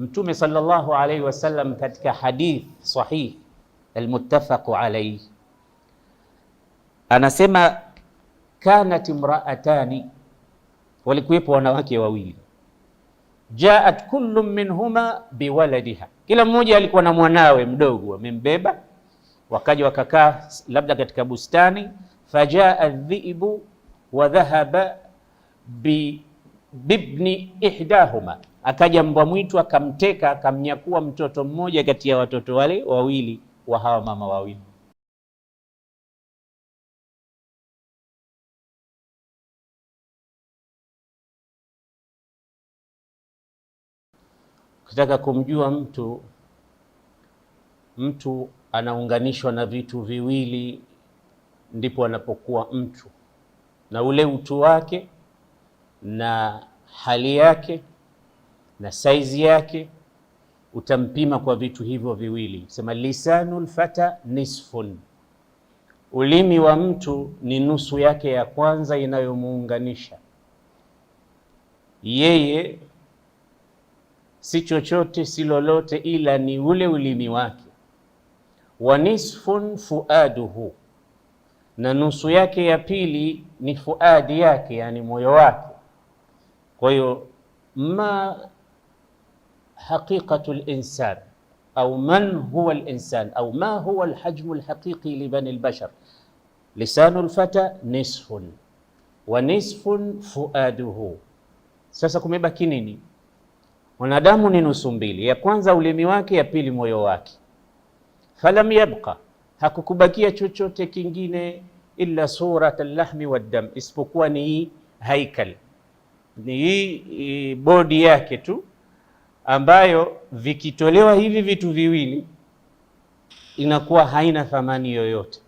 Mtume sallallahu alaihi wasallam katika hadith sahih almuttafaqu alaihi anasema kanat imraatani, walikuwepo wanawake wawili, jaat kullu minhuma biwaladiha, kila mmoja alikuwa na mwanawe mdogo amembeba. Wakaja wakakaa labda katika bustani, fajaa dhibu wa dhahaba bibni ihdahuma Akaja mbwa mwitu akamteka, akamnyakua mtoto mmoja kati ya watoto wale wawili wa hawa mama wawili. Ukitaka kumjua mtu, mtu anaunganishwa na vitu viwili, ndipo anapokuwa mtu, na ule utu wake na hali yake na saizi yake utampima kwa vitu hivyo viwili. Sema lisanul fata nisfun, ulimi wa mtu ni nusu yake ya kwanza inayomuunganisha yeye, si chochote si lolote, ila ni ule ulimi wake. Wa nisfun fuaduhu, na nusu yake ya pili ni fuadi yake, yani moyo wake. Kwa hiyo ma haqiqatu linsan au man huwa linsan au ma huwa lhajmu lhaqiqi libani lbashar lisanu lfata nisfun wa nisfun fuaduhu. Sasa kumebaki nini? Mwanadamu ni nusu mbili, ya kwanza ulimi wake, ya pili moyo wake. Falam yabqa, hakukubakia chochote kingine illa surat allahmi waddam, isipokuwa ni hii haikal, ni hii eh, bodi yake tu ambayo vikitolewa hivi vitu viwili inakuwa haina thamani yoyote.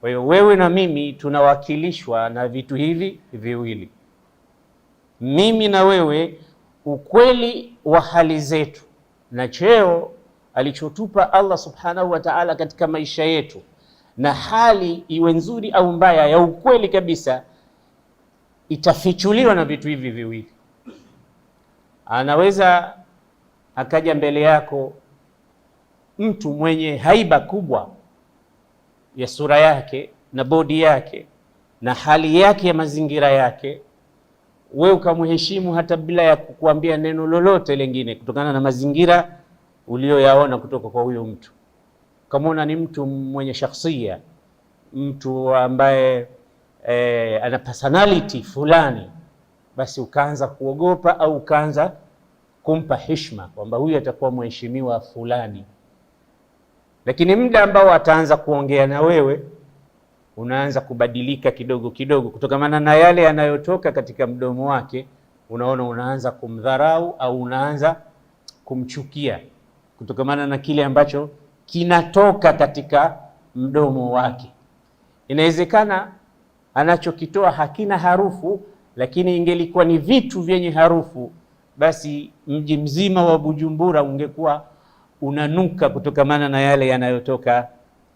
Kwa hiyo wewe na mimi tunawakilishwa na vitu hivi viwili, mimi na wewe, ukweli wa hali zetu na cheo alichotupa Allah subhanahu wa ta'ala katika maisha yetu, na hali iwe nzuri au mbaya, ya ukweli kabisa itafichuliwa na vitu hivi viwili. Anaweza akaja mbele yako mtu mwenye haiba kubwa ya sura yake na bodi yake na hali yake ya mazingira yake, we ukamheshimu hata bila ya kukuambia neno lolote lingine, kutokana na mazingira uliyoyaona kutoka kwa huyo mtu. Ukamwona ni mtu mwenye shakhsia, mtu ambaye eh, ana personality fulani basi ukaanza kuogopa au ukaanza kumpa heshima kwamba huyu atakuwa mheshimiwa fulani. Lakini muda ambao ataanza kuongea na wewe unaanza kubadilika kidogo kidogo, kutokamana na yale yanayotoka katika mdomo wake, unaona unaanza kumdharau au unaanza kumchukia kutokamana na kile ambacho kinatoka katika mdomo wake. Inawezekana anachokitoa hakina harufu lakini ingelikuwa ni vitu vyenye harufu, basi mji mzima wa Bujumbura ungekuwa unanuka kutokamana na yale yanayotoka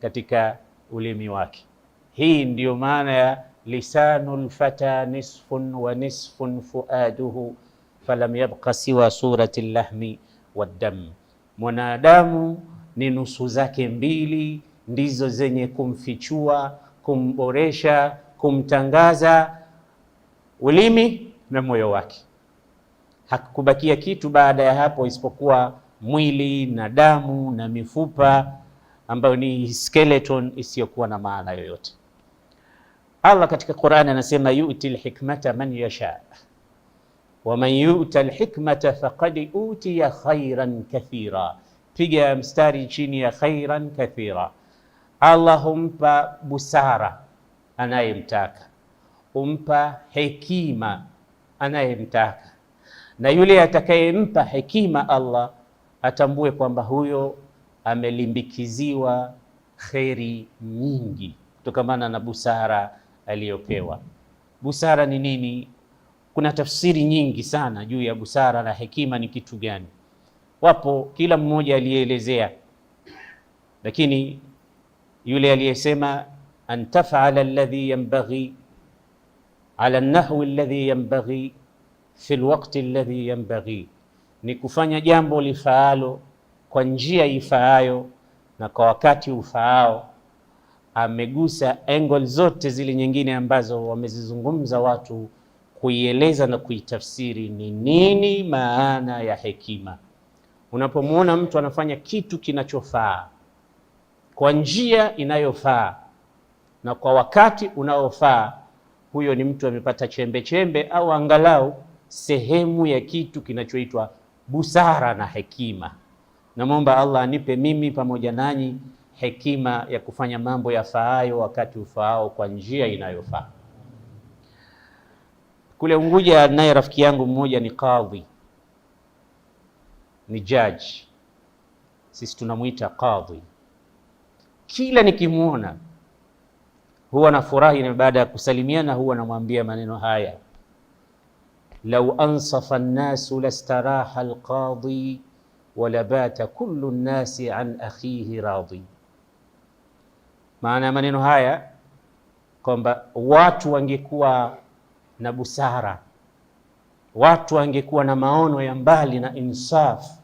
katika ulimi wake. Hii ndiyo maana ya lisanu lfata nisfun wa nisfun fuaduhu falam yabqa siwa surati llahmi waddam, mwanadamu ni nusu zake mbili ndizo zenye kumfichua, kumboresha, kumtangaza ulimi na moyo wake. Hakubakia kitu baada ya hapo isipokuwa mwili na damu na mifupa ambayo ni skeleton isiyokuwa na maana yoyote. Allah katika Qur'an anasema yu'ti lhikmata man yasha wa man yu'ta lhikmata faqad utiya khairan kathira. Piga mstari chini ya khairan kathira. Allah humpa busara anayemtaka humpa hekima anayemtaka, na yule atakayempa hekima Allah atambue kwamba huyo amelimbikiziwa kheri nyingi kutokamana na busara aliyopewa. Busara ni nini? Kuna tafsiri nyingi sana juu ya busara na hekima ni kitu gani, wapo kila mmoja aliyeelezea, lakini yule aliyesema antafala alladhi yanbaghi ala nahwi alladhi yanbaghi fi lwakti alladhi yanbaghi, ni kufanya jambo lifaalo kwa njia ifaayo na kwa wakati ufaao. Amegusa angle zote zile nyingine ambazo wamezizungumza watu kuieleza na kuitafsiri ni nini maana ya hekima. Unapomwona mtu anafanya kitu kinachofaa kwa njia inayofaa na kwa wakati unaofaa huyo ni mtu amepata chembe chembe au angalau sehemu ya kitu kinachoitwa busara na hekima. Namwomba Allah anipe mimi pamoja nanyi hekima ya kufanya mambo yafaayo wakati ufaao kwa njia inayofaa. Kule Unguja naye rafiki yangu mmoja ni kadhi, ni jaji, sisi tunamwita kadhi. Kila nikimwona huwa na furahi na baada ya kusalimiana huwa namwambia maneno haya, lau ansafa nnasu lastaraha alqadhi walabata kullu nnasi an akhihi radhi. Maana ya maneno haya kwamba watu wangekuwa na busara, watu wangekuwa na maono ya mbali na insafu,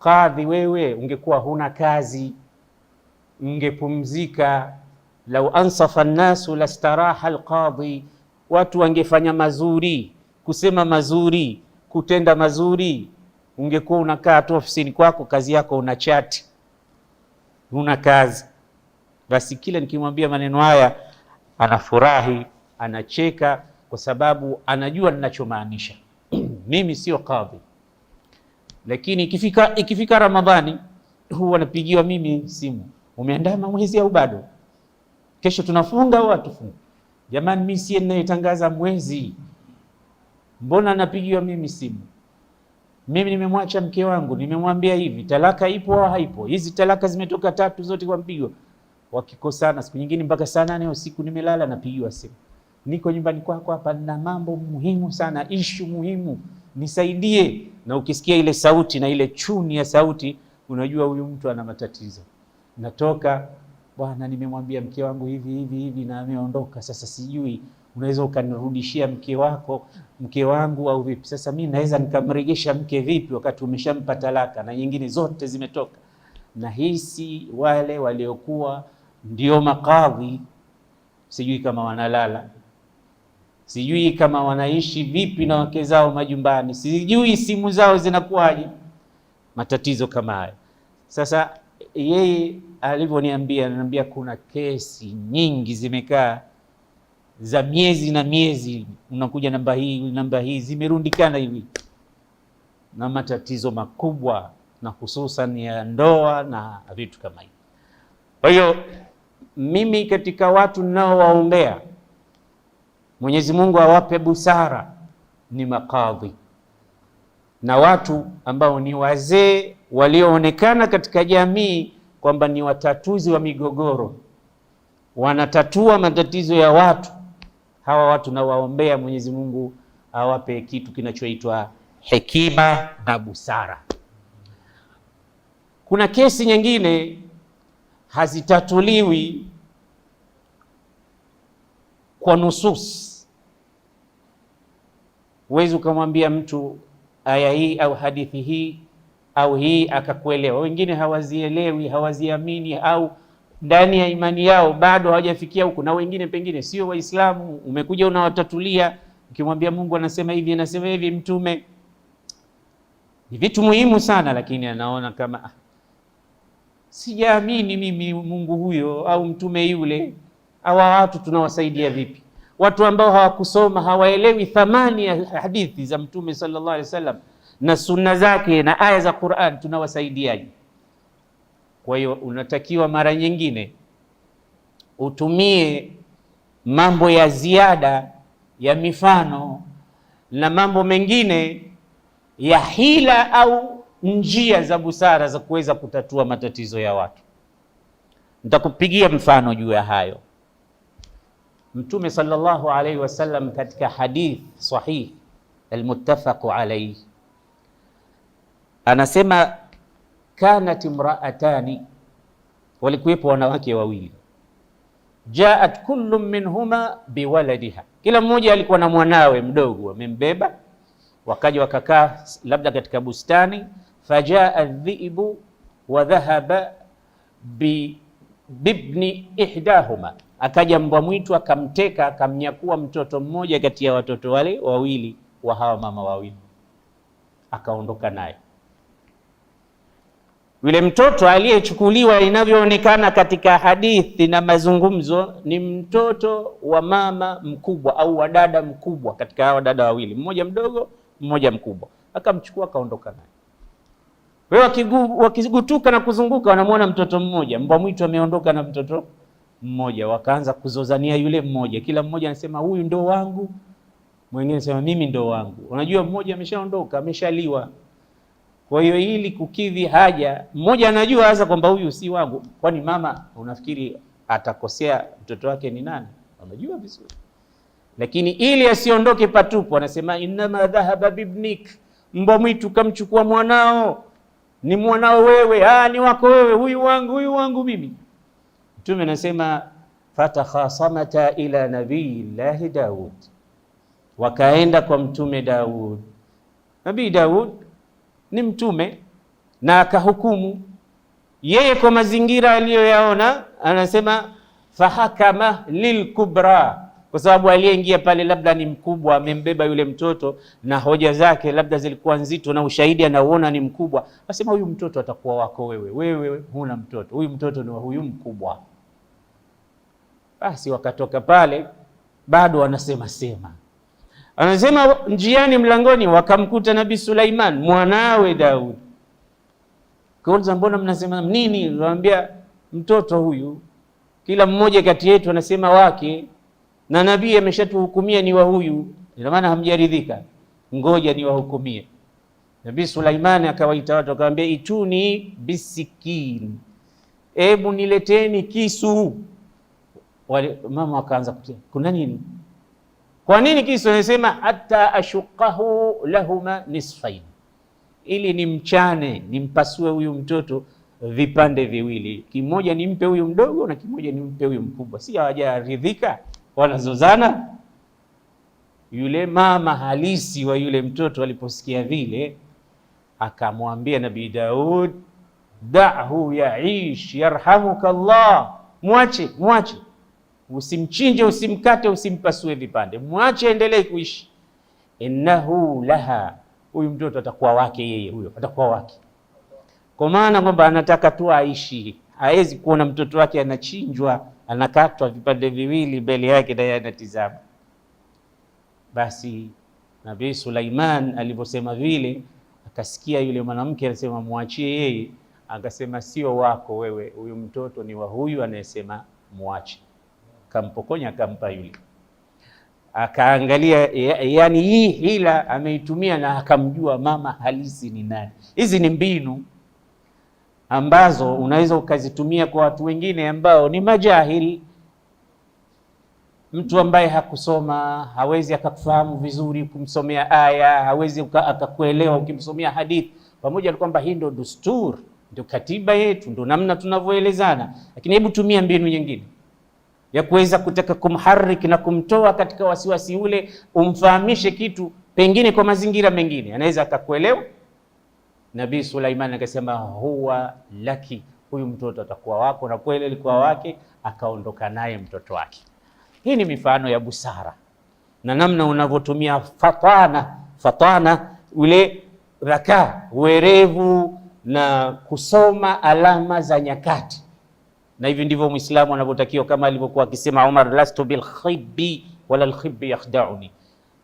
kadhi, wewe ungekuwa huna kazi, ungepumzika lau ansafa nnasu lastaraha lqadhi watu wangefanya mazuri, kusema mazuri, kutenda mazuri, ungekuwa unakaa tu ofisini kwako, kazi yako una chati, una kazi basi. Kila nikimwambia maneno haya anafurahi, anacheka, kwa sababu anajua ninachomaanisha. Mimi sio kadhi, lakini ikifika, ikifika Ramadhani huwa napigiwa mimi simu, umeandama mwezi au bado? kesho tunafunga au hatufungi? Jamani, mimi siye ninayetangaza mwezi, mbona napigiwa mimi simu? Mimi nimemwacha mke wangu, nimemwambia hivi, talaka ipo au haipo? Hizi talaka zimetoka tatu zote kwa mpigo. Wakikosana siku nyingine mpaka saa nane usiku nimelala, napigiwa simu, niko nyumbani kwako hapa, na mambo muhimu sana, ishu muhimu, nisaidie. Na ukisikia ile sauti na ile chuni ya sauti, unajua huyu mtu ana matatizo. Natoka bwana, nimemwambia mke wangu hivi hivi hivi na ameondoka, sasa sijui unaweza ukanirudishia mke wako mke wangu au vipi? Sasa mi naweza nikamregesha mke vipi, wakati umeshampa talaka na nyingine zote zimetoka? Nahisi wale waliokuwa ndio makadhi, sijui kama wanalala, sijui kama wanaishi vipi na wake zao majumbani, sijui simu zao zinakuwaje, matatizo kama hayo sasa yeye alivyoniambia, ananiambia kuna kesi nyingi zimekaa za miezi na miezi, unakuja namba hii namba hii zimerundikana hivi, na matatizo makubwa, na hususan ya ndoa na vitu kama hivi. Kwa hiyo mimi katika watu ninaowaombea Mwenyezi Mungu awape busara ni makadhi na watu ambao ni wazee walioonekana katika jamii kwamba ni watatuzi wa migogoro, wanatatua matatizo ya watu. Hawa watu nawaombea Mwenyezi Mungu awape kitu kinachoitwa hekima na busara. Kuna kesi nyingine hazitatuliwi kwa nusus. Huwezi ukamwambia mtu aya hii au hadithi hii au hii akakuelewa. Wengine hawazielewi, hawaziamini, au ndani ya imani yao bado hawajafikia huko, na wengine pengine sio Waislamu. Umekuja unawatatulia, ukimwambia Mungu anasema hivi, anasema hivi, mtume ni vitu muhimu sana, lakini anaona kama ah, sijaamini mimi Mungu huyo au mtume yule. Hawa watu tunawasaidia vipi? Watu ambao hawakusoma hawaelewi thamani ya hadithi za mtume sallallahu alaihi wasallam na sunna zake na aya za Qur'an tunawasaidiaje? Kwa hiyo unatakiwa mara nyingine utumie mambo ya ziada ya mifano na mambo mengine ya hila au njia za busara za kuweza kutatua matatizo ya watu. Nitakupigia mfano juu ya hayo. Mtume sallallahu alaihi wasallam katika hadith sahih almuttafaq alaihi anasema kanat imraatani, walikuwepo wanawake wawili. Jaat kullu minhuma biwaladiha, kila mmoja alikuwa na mwanawe mdogo amembeba. Wakaja wakakaa labda katika bustani. Fajaa dhiibu wa dhahaba bi bibni ihdahuma, akaja mbwa mwitu akamteka akamnyakua mtoto mmoja kati ya watoto wale wawili wa hawa mama wawili, akaondoka naye yule mtoto aliyechukuliwa inavyoonekana katika hadithi na mazungumzo ni mtoto wa mama mkubwa au wa dada mkubwa katika hawa dada wawili, mmoja mdogo, mmoja mkubwa. Akamchukua akaondoka naye. Wao wakigutuka na kuzunguka, wanamwona mtoto mmoja, mbwa mwitu ameondoka na mtoto mmoja. Wakaanza kuzozania yule mmoja, kila mmoja anasema huyu ndo wangu, mwingine anasema mimi ndo wangu. Unajua mmoja ameshaondoka, ameshaliwa kwa hiyo ili kukidhi haja, mmoja anajua hasa kwamba huyu si wangu. Kwani mama unafikiri atakosea mtoto wake ni nani? Anajua vizuri, lakini ili asiondoke patupu, anasema innama dhahaba bibnik, mbwa mwitu kamchukua mwanao, ni mwanao wewe. Ah, ni wako wewe, huyu wangu, huyu wangu mimi. Mtume anasema fatakhasamata ila nabiyillahi Daud, wakaenda kwa mtume Daud, nabii Daud ni mtume na akahukumu yeye kwa mazingira aliyoyaona, anasema fahakama lilkubra, kwa sababu aliyeingia pale labda ni mkubwa, amembeba yule mtoto na hoja zake labda zilikuwa nzito, na ushahidi anauona ni mkubwa, asema huyu mtoto atakuwa wako wewe, wewe huna mtoto, huyu mtoto ni wa huyu mkubwa. Basi wakatoka pale bado wanasema sema Anasema njiani, mlangoni wakamkuta Nabii Sulaiman mwanawe Daudi. Kauliza, mbona mnasema nini? Niwaambia mtoto huyu, kila mmoja kati yetu anasema wake, na nabii ameshatuhukumia ni wa huyu, ina maana hamjaridhika, ngoja niwahukumie. Nabii Sulaiman akawaita watu akawaambia, ituni bisikini, ebu nileteni kisu. Wale mama wakaanza kutia, kuna nini? Kwa nini kisa anasema hata ashukahu lahuma nisfain, ili nimchane, nimpasue huyu mtoto vipande viwili, kimoja nimpe huyu mdogo na kimoja nimpe huyu mkubwa. Si hawajaridhika, wanazozana. Yule mama halisi wa yule mtoto aliposikia vile, akamwambia Nabii Daud, dahu yaish yarhamuka Allah, mwache mwache Usimchinje, usimkate, usimpasue vipande, mwache endelee kuishi. Innahu laha, huyu mtoto atakuwa wake yeye, huyo atakuwa wake, kwa maana kwamba anataka tu aishi. Hawezi kuona mtoto wake anachinjwa, anakatwa vipande viwili mbele yake, naye anatizama. Basi Nabii Sulaiman aliposema vile, akasikia yule mwanamke anasema mwachie yeye, akasema sio wako wewe, huyu mtoto ni wa huyu anayesema mwache akampokonya akampa yule, akaangalia yani hii hila ameitumia na akamjua mama halisi ni nani. Hizi ni mbinu ambazo unaweza ukazitumia kwa watu wengine ambao ni majahili, mtu ambaye hakusoma hawezi akakufahamu vizuri, kumsomea aya hawezi akakuelewa ukimsomea hadithi, pamoja na kwamba hii ndo dusturi, ndio katiba yetu, ndio namna tunavyoelezana, lakini hebu tumia mbinu nyingine ya kuweza kutaka kumharik na kumtoa katika wasiwasi ule, umfahamishe kitu pengine kwa mazingira mengine anaweza akakuelewa. Nabii Sulaiman akasema huwa laki, huyu mtoto atakuwa wako, na kweli alikuwa wake, akaondoka naye mtoto wake. Hii ni mifano ya busara na namna unavyotumia fatana, fatana ule raka, werevu na kusoma alama za nyakati na hivi ndivyo Muislamu anavyotakiwa, kama alivyokuwa akisema Umar, lastu bil khibbi wala al khibbi yakhda'uni.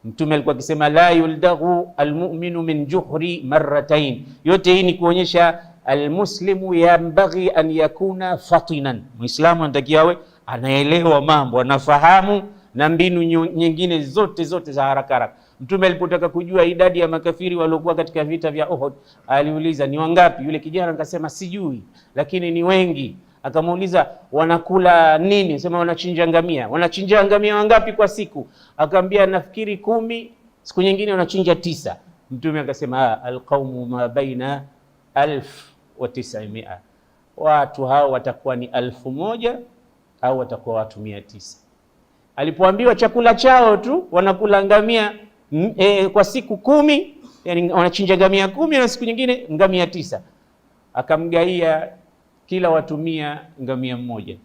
Mtume alikuwa akisema la yuldaghu almu'minu min juhri marratain. Yote hii ni kuonyesha almuslimu yambaghi an yakuna fatinan, Muislamu anatakiwa awe anaelewa mambo, anafahamu na mbinu nyingine zote zote za haraka haraka. Mtume alipotaka kujua idadi ya makafiri waliokuwa katika vita vya Uhud, aliuliza ni wangapi? Yule kijana akasema sijui, lakini ni wengi. Akamuuliza, wanakula nini? Sema wanachinja ngamia. Wanachinja ngamia wangapi kwa siku? Akaambia, nafikiri kumi, siku nyingine wanachinja tisa. Mtume akasema, ah, alqaumu ma baina alf wa tisamia, watu hao watakuwa ni alfu moja au watakuwa watu mia tisa. Alipoambiwa chakula chao tu wanakula ngamia mm, e, kwa siku kumi, yani wanachinja ngamia kumi na siku nyingine ngamia tisa, akamgaia kila watumia ngamia mmoja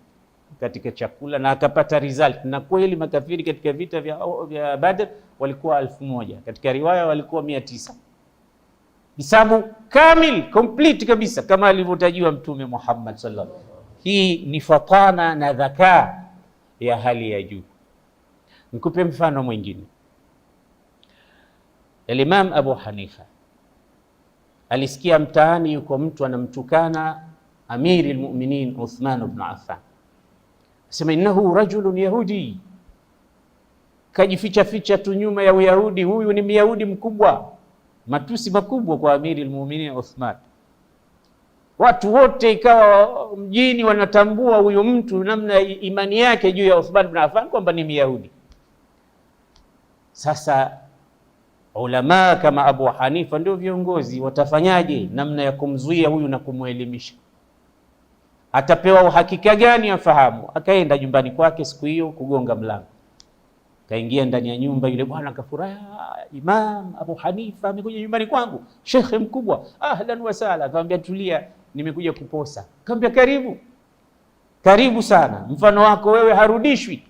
katika chakula na akapata result. Na kweli makafiri katika vita vya, vya Badr walikuwa alfu moja katika riwaya walikuwa mia tisa hisabu kamil complete kabisa kama alivyotajiwa Mtume Muhammad sallallahu alaihi wasallam. Hii ni fatana na dhakaa ya hali ya juu. Nikupe mfano mwingine. Alimam Abu Hanifa alisikia mtaani yuko mtu anamtukana amiri lmuminin Uthman bnu Affan asema innahu rajulun yahudi, kajifichaficha tu nyuma ya Uyahudi. Huyu ni myahudi mkubwa. Matusi makubwa kwa amiri lmuminin Uthman. Watu wote ikawa mjini wanatambua huyu mtu, namna imani yake juu ya Uthman bnu Affan kwamba ni myahudi. Sasa ulama kama Abu Hanifa ndio viongozi, watafanyaje namna ya kumzuia huyu na kumwelimisha? atapewa uhakika gani afahamu? Akaenda nyumbani kwake siku hiyo, kugonga mlango, kaingia ndani ya nyumba. Yule bwana akafurahi, ah, Imam Abu Hanifa amekuja nyumbani kwangu, shekhe mkubwa, ahlan wa sahlan. Akamwambia, tulia, nimekuja kuposa. Akamwambia, karibu karibu sana, mfano wako wewe harudishwi.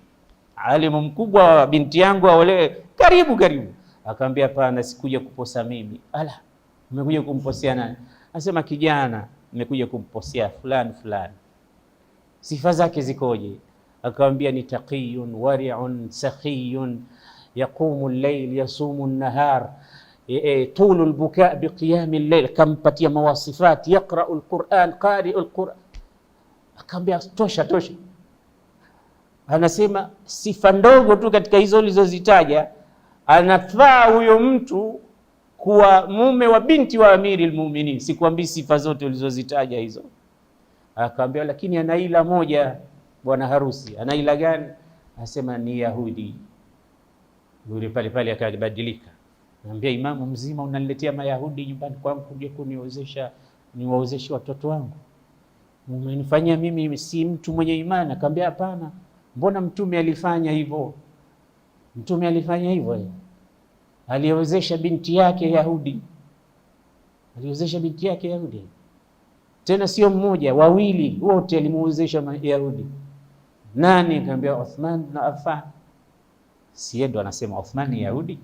Alimu mkubwa, binti yangu aolewe, karibu karibu. Akamwambia, pana, sikuja kuposa mimi. Ala, umekuja kumposea nani? Asema kijana nimekuja kumposea fulani fulani, sifa zake zikoje? Akamwambia ni taqiyun wari'un sakhiyun yaqumu llail yasumu an-nahar e, e, tulu al-buka bi qiyam al-layl, kampatia mawasifati, yaqra'u lquran qari'u lquran quran Akamwambia tosha tosha. Anasema sifa ndogo tu katika hizo ulizozitaja, anafaa huyo mtu kuwa mume wa binti wa Amiril Mu'minin. Sikwambii sifa zote ulizozitaja hizo. akawambia lakini ana ila moja bwana harusi. Ana ila gani? Asema ni Yahudi. Yule pale pale akabadilika, naambia imamu mzima, unaniletea mayahudi nyumbani kwangu kuja kuniozesha niwaozeshe watoto wangu, umenifanyia mimi si mtu mwenye imani. Akaambia hapana, mbona mtume alifanya hivyo? Mtume alifanya hivyo aliyowezesha binti yake Yahudi, aliyowezesha binti yake Yahudi, tena sio mmoja, wawili wote alimuwezesha Yahudi. Nani kaambia? Uthman na Affan. Siendo anasema Uthman ni Yahudi?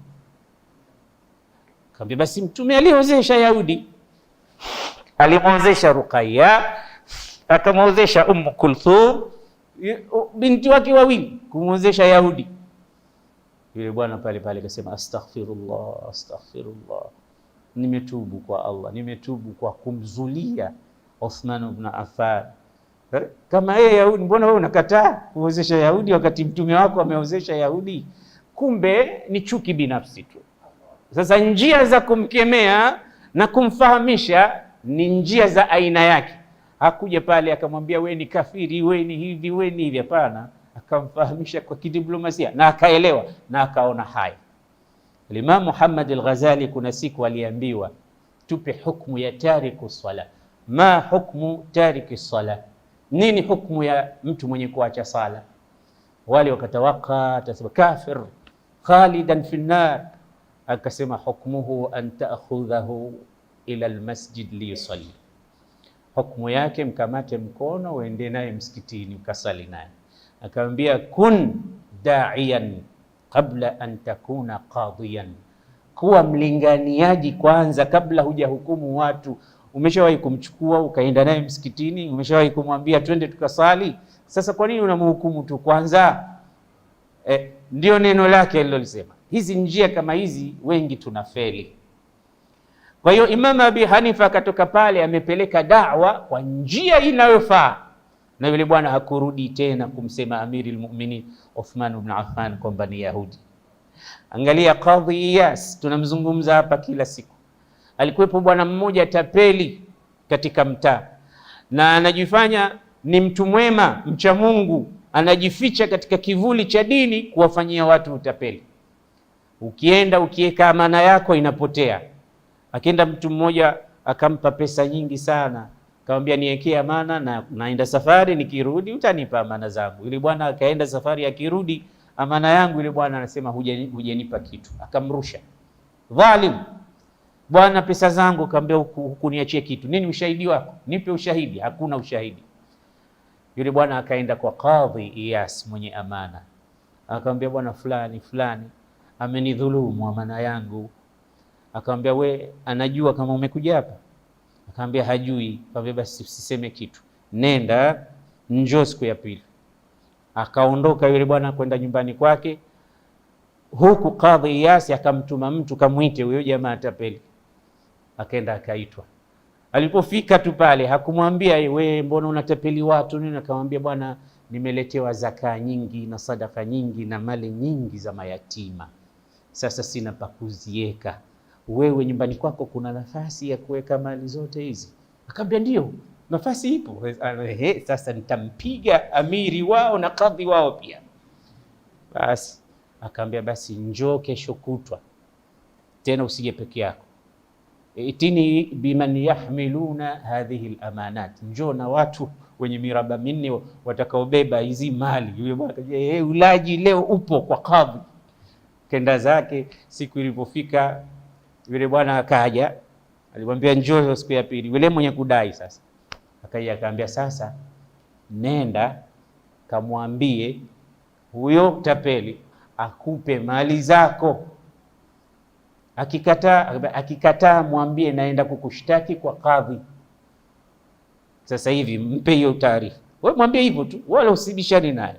Kaambia basi mtume aliyowezesha Yahudi, alimuwezesha Ruqayya, akamuwezesha Umm Kulthum, binti wake wawili, kumuwezesha Yahudi yule bwana pale pale akasema astaghfirullah, astaghfirullah, nimetubu kwa Allah, nimetubu kwa kumzulia Uthman ibn Affan. Kama yeye Yahudi, mbona wewe unakataa kuozesha Yahudi wakati mtume wako ameozesha Yahudi? Kumbe ni chuki binafsi tu. Sasa njia za kumkemea na kumfahamisha ni njia za aina yake. Hakuja pale akamwambia we ni kafiri, we ni hivi, we ni hivi. Hapana akamfahamisha kwa kidiplomasia na akaelewa na akaona haya. Imam Muhammad al-Ghazali kuna siku aliambiwa, tupe hukmu ya tariku sala. Ma hukmu tariki sala, nini hukmu ya mtu mwenye kuacha sala? Wale wakatawaka tasema kafir khalidan fi nar, akasema hukmuhu an ta'khudhahu ila almasjid liyusalli, hukmu yake mkamate mkono uende naye msikitini ukasali naye akamwambia kun daian kabla an takuna qadiyan, kuwa mlinganiaji kwanza kabla hujahukumu watu. Umeshawahi kumchukua ukaenda naye msikitini? Umeshawahi kumwambia twende tukasali? Sasa kwa nini unamhukumu tu kwanza? Eh, ndio neno lake alilolisema. Hizi njia kama hizi wengi tunafeli. Kwa hiyo Imam Abi Hanifa akatoka pale amepeleka dawa kwa njia inayofaa na yule bwana hakurudi tena kumsema Amiri Mu'minin Uthman bn Affan kwamba ni Yahudi. Angalia Qadhi Iyas, tunamzungumza hapa kila siku. Alikuwepo bwana mmoja tapeli katika mtaa, na anajifanya ni mtu mwema, mcha Mungu, anajificha katika kivuli cha dini kuwafanyia watu utapeli. Ukienda ukiweka amana yako inapotea. Akienda mtu mmoja akampa pesa nyingi sana Akamwambia niekee amana na naenda safari, nikirudi utanipa amana zangu. Yule bwana akaenda safari, akirudi amana yangu yule bwana anasema hujanipa kitu, akamrusha. Dhalim bwana, pesa zangu. Akamwambia hukuniachia kitu. Nini ushahidi wako? Nipe ushahidi. Hakuna ushahidi. Yule bwana akaenda kwa Kadhi Iyas mwenye amana, akamwambia bwana fulani fulani amenidhulumu amana yangu. Akamwambia we, anajua kama umekuja hapa Akaambia hajui. Akaambia basi usiseme kitu, nenda njoo siku ya pili. Akaondoka yule bwana kwenda nyumbani kwake, huku kadhi Yasi akamtuma mtu, kamwite huyo jamaa tapeli. Akaenda akaitwa. Alipofika tu pale hakumwambia we, mbona unatapeli watu nini? Akamwambia bwana, nimeletewa zaka nyingi na sadaka nyingi na mali nyingi za mayatima, sasa sina pa kuziweka wewe nyumbani kwako kuna nafasi ya kuweka mali zote hizi? Akaambia ndio, nafasi ipo. He, sasa nitampiga amiri wao na kadhi wao pia. Basi akaambia basi njoo kesho kutwa tena, usije peke yako. Itini biman yahmiluna hadhihi lamanat, njoo na watu wenye miraba minne watakaobeba hizi mali. Yule bwana akaja, hey, ulaji leo upo kwa kadhi. Kenda zake. Siku ilipofika yule bwana akaja, alimwambia njoo siku ya pili. Yule mwenye kudai sasa akaja akaambia, sasa nenda kamwambie huyo tapeli akupe mali zako. Akikataa, akikataa mwambie naenda kukushtaki kwa kadhi. Sasa hivi mpe hiyo taarifa, wewe mwambie hivyo tu, wala usibishani naye.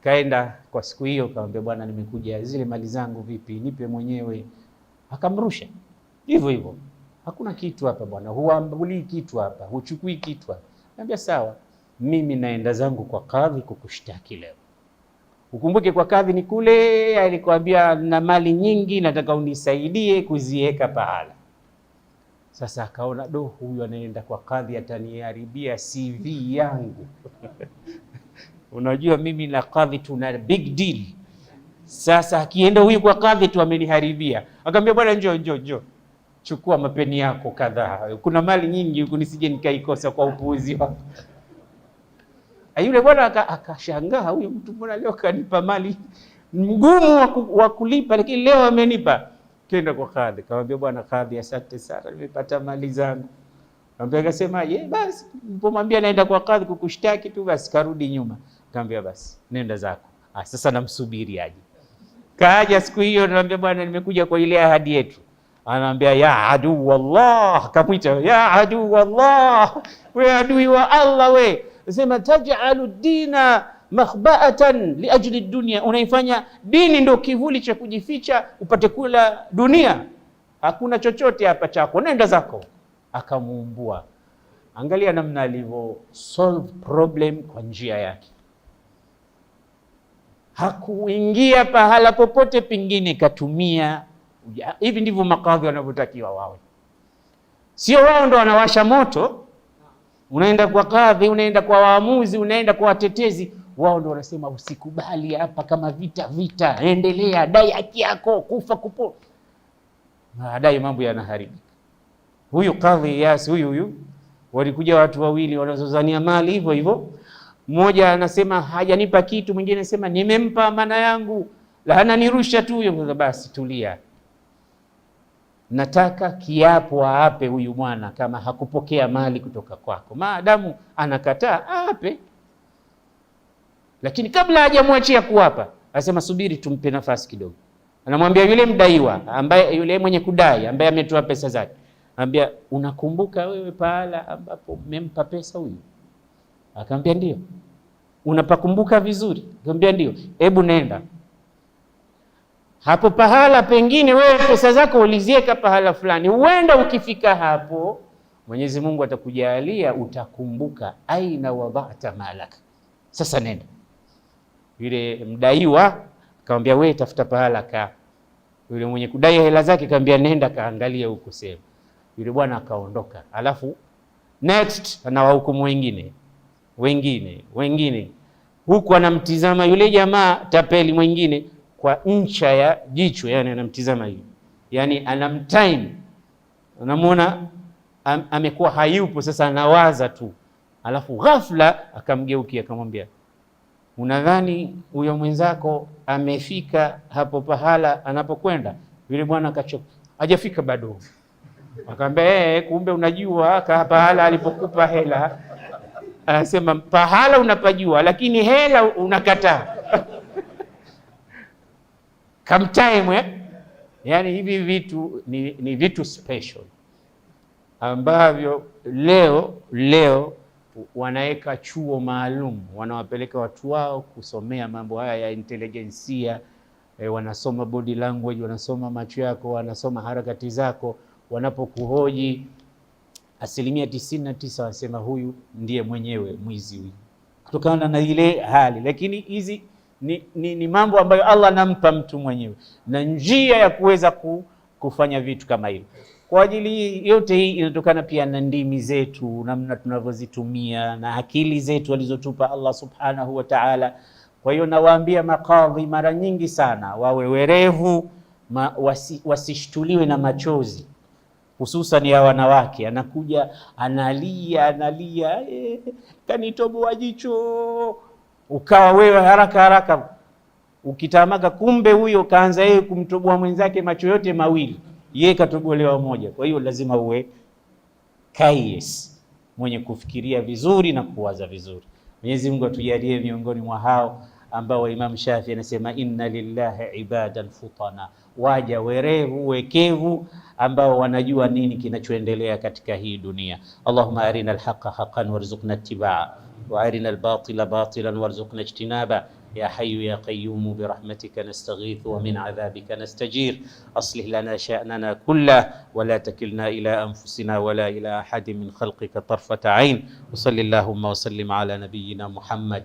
Akaenda kwa siku hiyo, akamwambia bwana, nimekuja, zile mali zangu vipi? Nipe mwenyewe akamrusha hivyo hivyo. Hakuna kitu hapa bwana, huambulii kitu hapa, huchukui kitu hapa. Naambia sawa, mimi naenda zangu kwa kadhi kukushtaki leo. Ukumbuke kwa kadhi ni kule alikwambia, na mali nyingi, nataka unisaidie kuziweka pahala. Sasa akaona do, huyu anaenda kwa kadhi ataniharibia CV yangu. Unajua mimi na kadhi tuna big deal sasa akienda huyu kwa kadhi tu ameniharibia, akamwambia bwana, njoo njoo njoo, chukua mapeni yako kadhaa, kuna mali nyingi huku, nisije nikaikosa kwa upuuzi wako. Yule bwana akashangaa, huyu mtu mbona leo kanipa mali mgumu wa kulipa, lakini leo amenipa. Kenda kwa kadhi, kamwambia bwana kadhi, asante sana, nimepata mali zangu. Kamwambia akasema, ye basi, nilipomwambia naenda kwa kadhi kukushtaki tu, basi karudi nyuma. Kamwambia basi, nenda zako. Ah, sasa namsubiri aje Kaja siku hiyo, naambia bwana, nimekuja kwa ile ahadi yetu. Anaambia ya adu wallah, kakuita ya adu wallah, we adui wa Allah we. Sema tajalu dina makhbaatan liajli dunia, unaifanya dini ndio kivuli cha kujificha upate kula dunia. Hakuna chochote hapa chako, nenda zako. Akamuumbua. Angalia namna alivyo solve problem kwa njia yake hakuingia pahala popote pengine, katumia hivi. Ndivyo makadhi wanavyotakiwa wawe, sio wao ndo wanawasha moto. Unaenda kwa kadhi, unaenda kwa waamuzi, unaenda kwa watetezi, wao ndo wanasema usikubali hapa, kama vita vita, endelea, dai haki yako, kufa kupo, baadaye mambo yanaharibika. Huyu kadhi Iyasi huyu huyu, walikuja watu wawili wanazozania mali hivyo hivyo mmoja anasema hajanipa kitu, mwingine anasema nimempa amana yangu, nirusha tu huyo. Basi tulia, nataka kiapo aape huyu mwana kama hakupokea mali kutoka kwako. Maadamu anakataa aape, lakini kabla hajamwachia kuapa, anasema subiri, tumpe nafasi kidogo. Anamwambia yule mdaiwa, ambaye yule mwenye kudai, ambaye ametoa pesa zake, anambia unakumbuka wewe pahala ambapo mmempa pesa huyu Akamwambia ndio. Unapakumbuka vizuri? Akamwambia ndio. Hebu nenda hapo pahala pengine, wewe pesa zako uliziweka pahala fulani, huenda ukifika hapo Mwenyezi Mungu atakujalia utakumbuka, aina wadhata malaka. Sasa nenda. Yule mdaiwa akamwambia wewe tafuta pahala ka. Yule mwenye kudai hela zake akamwambia nenda kaangalia huko sehemu. Yule bwana akaondoka, alafu next anawahukumu wengine wengine wengine, huku anamtizama yule jamaa tapeli mwingine kwa ncha ya jicho, yani anamtizama hivi, yani anamtime, unamwona am, amekuwa hayupo sasa, anawaza tu, alafu ghafla akamgeukia akamwambia, unadhani huyo mwenzako amefika hapo pahala anapokwenda? Yule bwana akachoka, hajafika bado. Akamwambia, eh, kumbe unajua pahala alipokupa hela anasema pahala unapajua, lakini hela unakataa. eh? yani hivi vitu ni, ni vitu special ambavyo leo leo wanaweka chuo maalum, wanawapeleka watu wao kusomea mambo haya ya intelijensia. E, wanasoma body language, wanasoma macho yako, wanasoma harakati zako, wanapokuhoji asilimia tisini na tisa wanasema huyu ndiye mwenyewe mwizi huyu, kutokana na ile hali. Lakini hizi ni, ni, ni mambo ambayo Allah anampa mtu mwenyewe na njia ya kuweza ku, kufanya vitu kama hivyo. Kwa ajili yote hii inatokana pia na ndimi zetu, namna tunavyozitumia na akili zetu alizotupa Allah subhanahu wa ta'ala. Kwa hiyo nawaambia makadhi mara nyingi sana wawe werevu, wasishtuliwe na machozi hususan ya wanawake, anakuja analia analia, eh, kanitoboa jicho. Ukawa wewe haraka haraka ukitamaka, kumbe huyo kaanza yeye kumtoboa mwenzake macho yote mawili, yeye katobolewa moja. Kwa hiyo lazima uwe kayes, mwenye kufikiria vizuri na kuwaza vizuri. Mwenyezi Mungu atujalie miongoni mwa hao ambao Imam Shafi anasema inna lillahi ibadan futana, waja werevu wekevu ambao wanajua nini kinachoendelea katika hii dunia. Allahumma arina alhaqa haqqan warzuqna ittibaa wa arina albatila batilan warzuqna ijtinaba ya hayyu ya qayyum birahmatika nastaghithu wa min adhabika nastajir aslih lana sha'nana kullahu wa la takilna ila anfusina wa la ila ahadin min khalqika tarfata ayn wa salli allahumma wa sallim ala nabiyyina Muhammad